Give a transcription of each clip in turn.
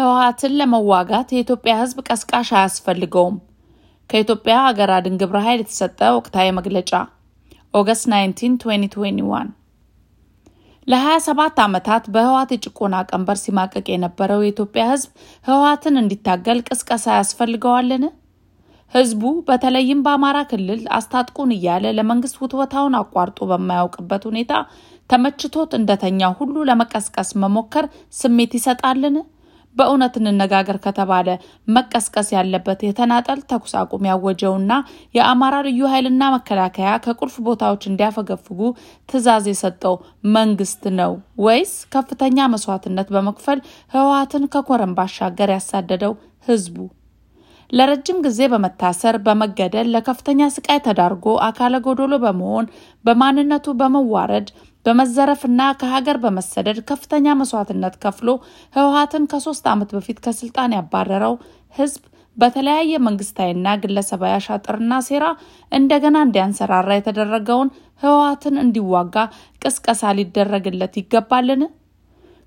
ህወሀትን ለመዋጋት የኢትዮጵያ ህዝብ ቀስቃሽ አያስፈልገውም። ከኢትዮጵያ ሀገር አድን ግብረ ኃይል የተሰጠ ወቅታዊ መግለጫ ኦገስት 19 2021 ለ27 ዓመታት በህወሀት የጭቆና ቀንበር ሲማቀቅ የነበረው የኢትዮጵያ ህዝብ ህወሀትን እንዲታገል ቅስቀሳ ያስፈልገዋልን? ህዝቡ በተለይም በአማራ ክልል አስታጥቁን እያለ ለመንግስት ውትወታውን አቋርጦ በማያውቅበት ሁኔታ ተመችቶት እንደተኛ ሁሉ ለመቀስቀስ መሞከር ስሜት ይሰጣልን? በእውነት እንነጋገር ከተባለ መቀስቀስ ያለበት የተናጠል ተኩስ አቁም ያወጀውና የአማራ ልዩ ኃይልና መከላከያ ከቁልፍ ቦታዎች እንዲያፈገፍጉ ትዕዛዝ የሰጠው መንግስት ነው ወይስ ከፍተኛ መስዋዕትነት በመክፈል ህወሀትን ከኮረም ባሻገር ያሳደደው ህዝቡ? ለረጅም ጊዜ በመታሰር በመገደል ለከፍተኛ ስቃይ ተዳርጎ አካለ ጎዶሎ በመሆን በማንነቱ በመዋረድ በመዘረፍና ከሀገር በመሰደድ ከፍተኛ መስዋዕትነት ከፍሎ ህወሀትን ከሶስት ዓመት በፊት ከስልጣን ያባረረው ህዝብ በተለያየ መንግስታዊና ግለሰባዊ አሻጥርና ሴራ እንደገና እንዲያንሰራራ የተደረገውን ህወሀትን እንዲዋጋ ቅስቀሳ ሊደረግለት ይገባልን?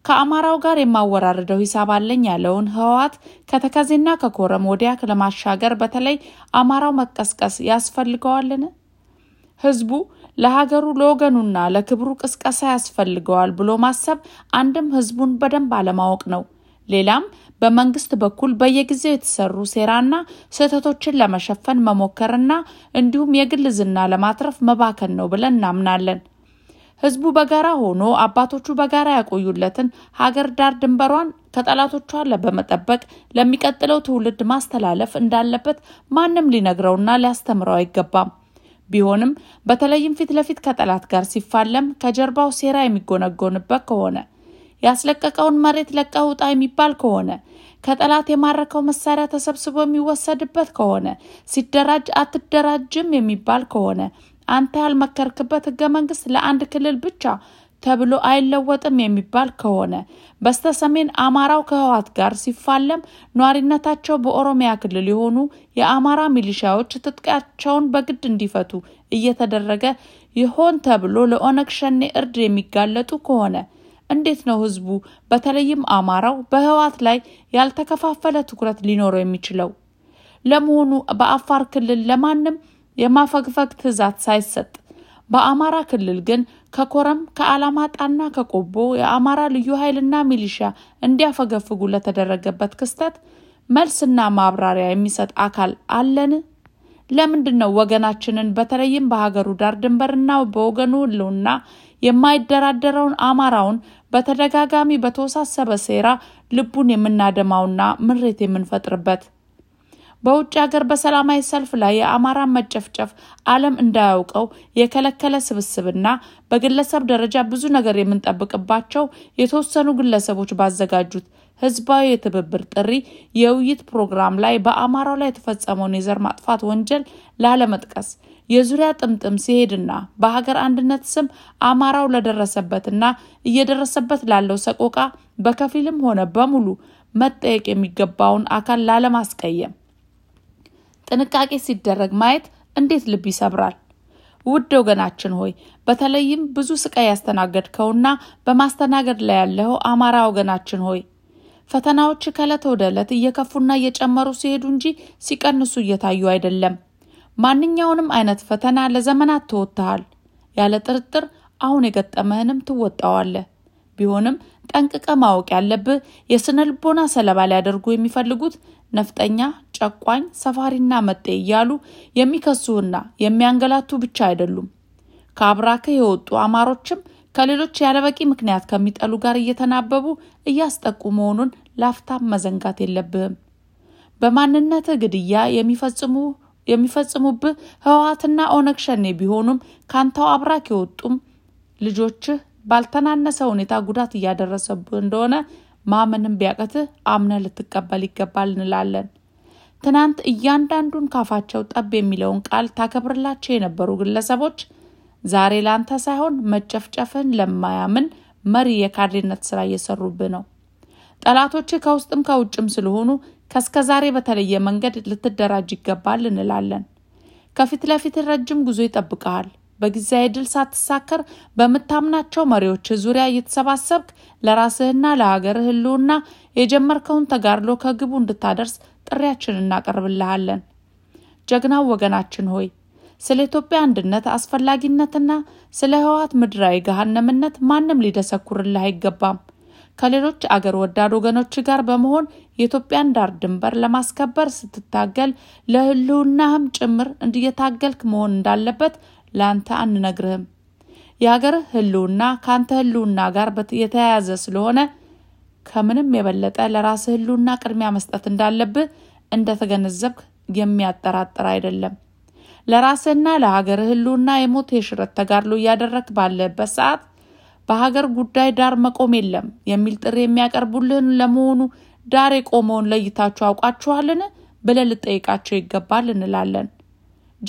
ከአማራው ጋር የማወራረደው ሂሳብ አለኝ ያለውን ህወሀት ከተከዜና ከኮረም ወዲያ ለማሻገር በተለይ አማራው መቀስቀስ ያስፈልገዋልን? ህዝቡ ለሀገሩ ለወገኑና ለክብሩ ቅስቀሳ ያስፈልገዋል ብሎ ማሰብ አንድም ህዝቡን በደንብ አለማወቅ ነው። ሌላም በመንግስት በኩል በየጊዜው የተሰሩ ሴራና ስህተቶችን ለመሸፈን መሞከርና እንዲሁም የግል ዝና ለማትረፍ መባከን ነው ብለን እናምናለን። ህዝቡ በጋራ ሆኖ አባቶቹ በጋራ ያቆዩለትን ሀገር ዳር ድንበሯን ከጠላቶቿ በመጠበቅ ለሚቀጥለው ትውልድ ማስተላለፍ እንዳለበት ማንም ሊነግረውና ሊያስተምረው አይገባም። ቢሆንም በተለይም ፊት ለፊት ከጠላት ጋር ሲፋለም ከጀርባው ሴራ የሚጎነጎንበት ከሆነ ያስለቀቀውን መሬት ለቀህ ውጣ የሚባል ከሆነ ከጠላት የማረከው መሳሪያ ተሰብስቦ የሚወሰድበት ከሆነ ሲደራጅ አትደራጅም የሚባል ከሆነ አንተ ያልመከርክበት ህገ መንግስት ለአንድ ክልል ብቻ ተብሎ አይለወጥም የሚባል ከሆነ በስተ ሰሜን አማራው ከህወሓት ጋር ሲፋለም ነዋሪነታቸው በኦሮሚያ ክልል የሆኑ የአማራ ሚሊሻዎች ትጥቃቸውን በግድ እንዲፈቱ እየተደረገ ይሆን ተብሎ ለኦነግ ሸኔ እርድ የሚጋለጡ ከሆነ እንዴት ነው ህዝቡ በተለይም አማራው በህወሓት ላይ ያልተከፋፈለ ትኩረት ሊኖረው የሚችለው? ለመሆኑ በአፋር ክልል ለማንም የማፈግፈግ ትዕዛዝ ሳይሰጥ በአማራ ክልል ግን ከኮረም ከአላማጣና ከቆቦ የአማራ ልዩ ኃይልና ሚሊሻ እንዲያፈገፍጉ ለተደረገበት ክስተት መልስና ማብራሪያ የሚሰጥ አካል አለን? ለምንድን ነው ወገናችንን በተለይም በሀገሩ ዳር ድንበርና በወገኑ ሕልውና የማይደራደረውን አማራውን በተደጋጋሚ በተወሳሰበ ሴራ ልቡን የምናደማውና ምሬት የምንፈጥርበት? በውጭ ሀገር በሰላማዊ ሰልፍ ላይ የአማራን መጨፍጨፍ ዓለም እንዳያውቀው የከለከለ ስብስብና በግለሰብ ደረጃ ብዙ ነገር የምንጠብቅባቸው የተወሰኑ ግለሰቦች ባዘጋጁት ህዝባዊ የትብብር ጥሪ የውይይት ፕሮግራም ላይ በአማራው ላይ የተፈጸመውን የዘር ማጥፋት ወንጀል ላለመጥቀስ የዙሪያ ጥምጥም ሲሄድና በሀገር አንድነት ስም አማራው ለደረሰበትና እየደረሰበት ላለው ሰቆቃ በከፊልም ሆነ በሙሉ መጠየቅ የሚገባውን አካል ላለማስቀየም ጥንቃቄ ሲደረግ ማየት እንዴት ልብ ይሰብራል። ውድ ወገናችን ሆይ በተለይም ብዙ ስቃይ ያስተናገድከውና በማስተናገድ ላይ ያለው አማራ ወገናችን ሆይ ፈተናዎች ከዕለት ወደ ዕለት እየከፉና እየጨመሩ ሲሄዱ እንጂ ሲቀንሱ እየታዩ አይደለም። ማንኛውንም አይነት ፈተና ለዘመናት ተወጥተሃል። ያለ ጥርጥር አሁን የገጠመህንም ትወጣዋለህ። ቢሆንም ጠንቅቀ ማወቅ ያለብህ የስነ ልቦና ሰለባ ሊያደርጉ የሚፈልጉት ነፍጠኛ ጨቋኝ፣ ሰፋሪና መጤ እያሉ የሚከሱህና የሚያንገላቱ ብቻ አይደሉም። ከአብራክህ የወጡ አማሮችም ከሌሎች ያለበቂ ምክንያት ከሚጠሉ ጋር እየተናበቡ እያስጠቁ መሆኑን ላፍታም መዘንጋት የለብህም። በማንነትህ ግድያ የሚፈጽሙ የሚፈጽሙብህ ህወሓትና ኦነግ ሸኔ ቢሆኑም ካንተው አብራክ የወጡም ልጆችህ ባልተናነሰ ሁኔታ ጉዳት እያደረሰብህ እንደሆነ ማመንም ቢያቀትህ አምነህ ልትቀበል ይገባል እንላለን። ትናንት እያንዳንዱን ካፋቸው ጠብ የሚለውን ቃል ታከብርላቸው የነበሩ ግለሰቦች ዛሬ ላንተ ሳይሆን መጨፍጨፍን ለማያምን መሪ የካድሬነት ስራ እየሰሩብህ ነው። ጠላቶች ከውስጥም ከውጭም ስለሆኑ ዛሬ በተለየ መንገድ ልትደራጅ ይገባል እንላለን። ከፊት ለፊት ረጅም ጉዞ ይጠብቀሃል። በጊዜያዊ ድል ሳትሳከር በምታምናቸው መሪዎች ዙሪያ እየተሰባሰብክ ለራስህና ለሀገርህ ህልውና የጀመርከውን ተጋድሎ ከግቡ እንድታደርስ ጥሪያችን እናቀርብልሃለን። ጀግናው ወገናችን ሆይ ስለ ኢትዮጵያ አንድነት አስፈላጊነትና ስለ ህወሓት ምድራዊ ገሃነምነት ማንም ሊደሰኩርልህ አይገባም። ከሌሎች አገር ወዳድ ወገኖች ጋር በመሆን የኢትዮጵያን ዳር ድንበር ለማስከበር ስትታገል ለህልውናህም ጭምር እንድየታገልክ መሆን እንዳለበት ለአንተ አንነግርህም። የሀገርህ ህልውና ከአንተ ህልውና ጋር የተያያዘ ስለሆነ ከምንም የበለጠ ለራስህ ህሉና ቅድሚያ መስጠት እንዳለብህ እንደተገነዘብክ የሚያጠራጥር አይደለም። ለራስህና ለሀገር ህልውና የሞት የሽረት ተጋድሎ እያደረግክ ባለበት ሰዓት በሀገር ጉዳይ ዳር መቆም የለም የሚል ጥሪ የሚያቀርቡልህን ለመሆኑ ዳር የቆመውን ለይታችሁ አውቃችኋልን ብለ ልጠይቃቸው ይገባል እንላለን።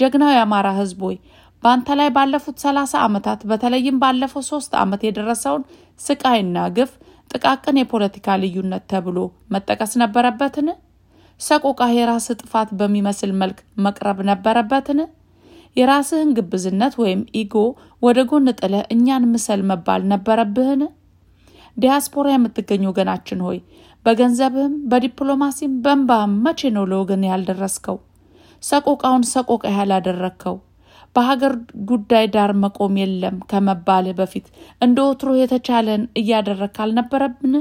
ጀግናው የአማራ ህዝብ ሆይ በአንተ ላይ ባለፉት ሰላሳ ዓመታት በተለይም ባለፈው ሶስት ዓመት የደረሰውን ስቃይና ግፍ ጥቃቅን የፖለቲካ ልዩነት ተብሎ መጠቀስ ነበረበትን? ሰቆቃ የራስህ ጥፋት በሚመስል መልክ መቅረብ ነበረበትን? የራስህን ግብዝነት ወይም ኢጎ ወደ ጎን ጥለህ እኛን ምሰል መባል ነበረብህን? ዲያስፖራ የምትገኝ ወገናችን ሆይ በገንዘብህም በዲፕሎማሲም በንባም መቼ ነው ለወገን ያልደረስከው? ሰቆቃውን ሰቆቃ ያላደረግከው? በሀገር ጉዳይ ዳር መቆም የለም ከመባልህ በፊት እንደ ወትሮ የተቻለን እያደረግ ካልነበረብን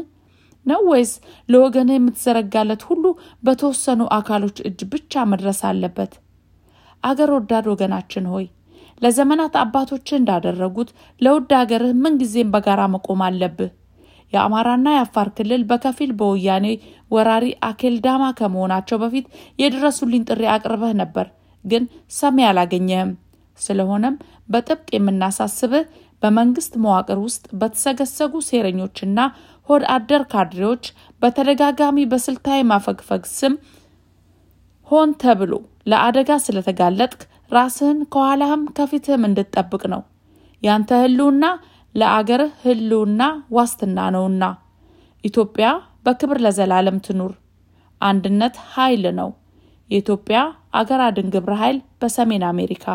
ነው ወይስ ለወገን የምትዘረጋለት ሁሉ በተወሰኑ አካሎች እጅ ብቻ መድረስ አለበት? አገር ወዳድ ወገናችን ሆይ ለዘመናት አባቶች እንዳደረጉት ለውድ አገርህ ምንጊዜም በጋራ መቆም አለብህ። የአማራና የአፋር ክልል በከፊል በወያኔ ወራሪ አኬልዳማ ከመሆናቸው በፊት የድረሱልኝ ጥሪ አቅርበህ ነበር፣ ግን ሰሚ አላገኘህም። ስለሆነም በጥብቅ የምናሳስብህ በመንግስት መዋቅር ውስጥ በተሰገሰጉ ሴረኞችና ሆድ አደር ካድሬዎች በተደጋጋሚ በስልታዊ ማፈግፈግ ስም ሆን ተብሎ ለአደጋ ስለተጋለጥክ ራስህን ከኋላህም ከፊትህም እንድትጠብቅ ነው። ያንተ ህልውና ለአገርህ ህልውና ዋስትና ነውና። ኢትዮጵያ በክብር ለዘላለም ትኑር። አንድነት ኃይል ነው። የኢትዮጵያ አገር አድን ግብረ ኃይል በሰሜን አሜሪካ